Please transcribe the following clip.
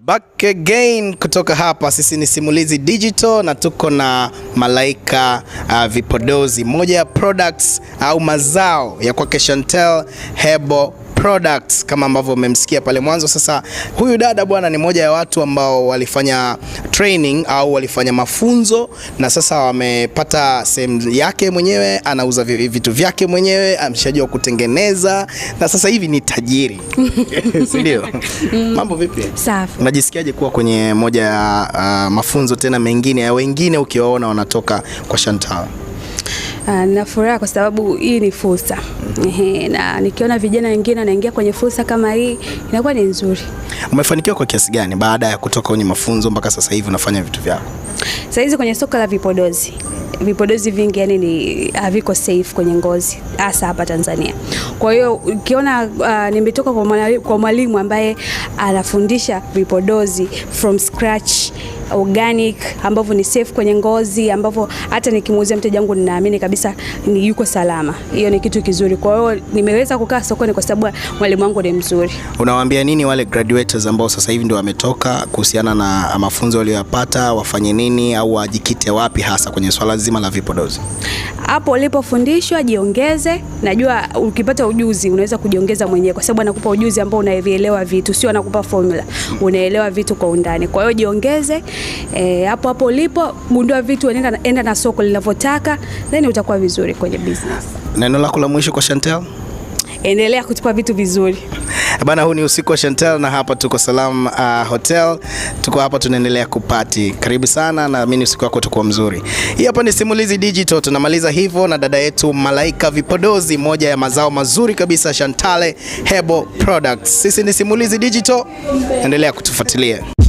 Back again kutoka hapa, sisi ni Simulizi Digital na tuko na Malaika uh, vipodozi, moja ya products au mazao ya kwake Chantel Hebo Products kama ambavyo mmemsikia pale mwanzo. Sasa huyu dada bwana ni moja ya watu ambao walifanya training au walifanya mafunzo na sasa wamepata sehemu yake mwenyewe, anauza vitu vyake mwenyewe, ameshajua kutengeneza na sasa hivi ni tajiri si ndio? Mm. Mambo vipi? Safi. Unajisikiaje kuwa kwenye moja ya uh, mafunzo tena mengine ya wengine ukiwaona wanatoka kwa Shantawa? Ah, na furaha kwa sababu hii ni fursa mm na nikiona vijana wengine wanaingia kwenye fursa kama hii inakuwa ni nzuri. Umefanikiwa kwa kiasi gani baada ya kutoka kwenye mafunzo mpaka sasa hivi unafanya vitu vyako? Sasa hizi kwenye soka la vipodozi vipodozi vingi yani ni haviko safe kwenye ngozi hasa hapa Tanzania. Kwa hiyo ukiona uh, nimetoka kwa mwalimu ambaye anafundisha vipodozi from scratch organic ambavyo ni safe kwenye ngozi ambavyo hata nikimuuzia mteja wangu ninaamini kabisa kabisa ni yuko salama. Hiyo ni kitu kizuri. Kwa hiyo nimeweza kukaa sokoni kwa sababu mwalimu wangu ni mzuri. Unawaambia nini wale graduates ambao sasa hivi ndio wametoka kuhusiana na mafunzo waliyopata, wafanye nini au wajikite wapi hasa kwenye swala zima la vipodozi? Hapo ulipofundishwa jiongeze. Najua ukipata ujuzi unaweza kujiongeza mwenyewe kwa sababu anakupa ujuzi ambao unaelewa vitu, sio anakupa formula. Unaelewa vitu kwa undani. Kwa hiyo jiongeze. Eh, hapo E, hapo ulipo gundua vitu, enda na soko linavyotaka then uta tunakuwa vizuri kwenye business. Neno lako la mwisho kwa Chantel? Endelea kutupa vitu vizuri bana. Huu ni usiku wa Chantel na hapa tuko Salam uh, Hotel. Tuko hapa tunaendelea kupati. Karibu sana, naamini usiku wako utakuwa mzuri. Hii hapa ni Simulizi Digital, tunamaliza hivyo na dada yetu Malaika Vipodozi, moja ya mazao mazuri kabisa Chantale Hebo Products. Sisi ni Simulizi Digital, endelea kutufuatilia.